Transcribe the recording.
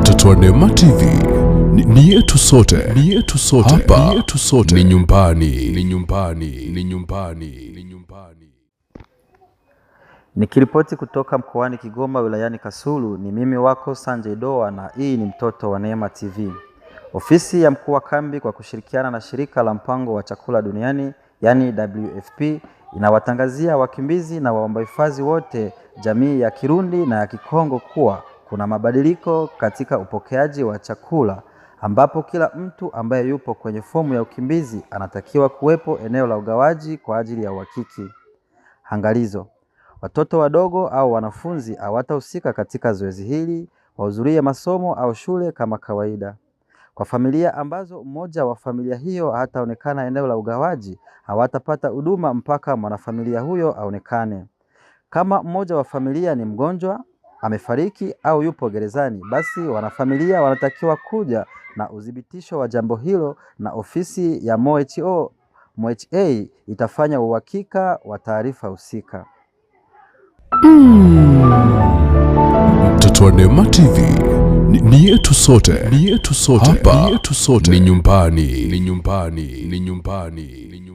Mtoto wa Neema TV ni yetu sote, ni yetu sote, hapa ni yetu sote, ni nyumbani, ni nyumbani, ni nyumbani, ni nyumbani. Nikiripoti kutoka mkoani Kigoma wilayani Kasulu, ni mimi wako Sanjay Doa na hii ni Mtoto wa Neema TV. Ofisi ya mkuu wa kambi kwa kushirikiana na shirika la mpango wa chakula duniani yani WFP inawatangazia wakimbizi na waomba hifadhi wote jamii ya Kirundi na ya Kikongo kuwa kuna mabadiliko katika upokeaji wa chakula ambapo kila mtu ambaye yupo kwenye fomu ya ukimbizi anatakiwa kuwepo eneo la ugawaji kwa ajili ya uhakiki. Angalizo: watoto wadogo au wanafunzi hawatahusika katika zoezi hili, wahudhurie masomo au shule kama kawaida. Kwa familia ambazo mmoja wa familia hiyo hataonekana eneo la ugawaji, hawatapata huduma mpaka mwanafamilia huyo aonekane. Kama mmoja wa familia ni mgonjwa, amefariki au yupo gerezani, basi wanafamilia wanatakiwa kuja na uthibitisho wa jambo hilo, na ofisi ya MOHO MOHA itafanya uhakika wa taarifa husika. Mm. Totone TV ni yetu sote, ni yetu sote, hapa ni yetu sote, ni nyumbani, ni nyumbani, ni nyumbani. ni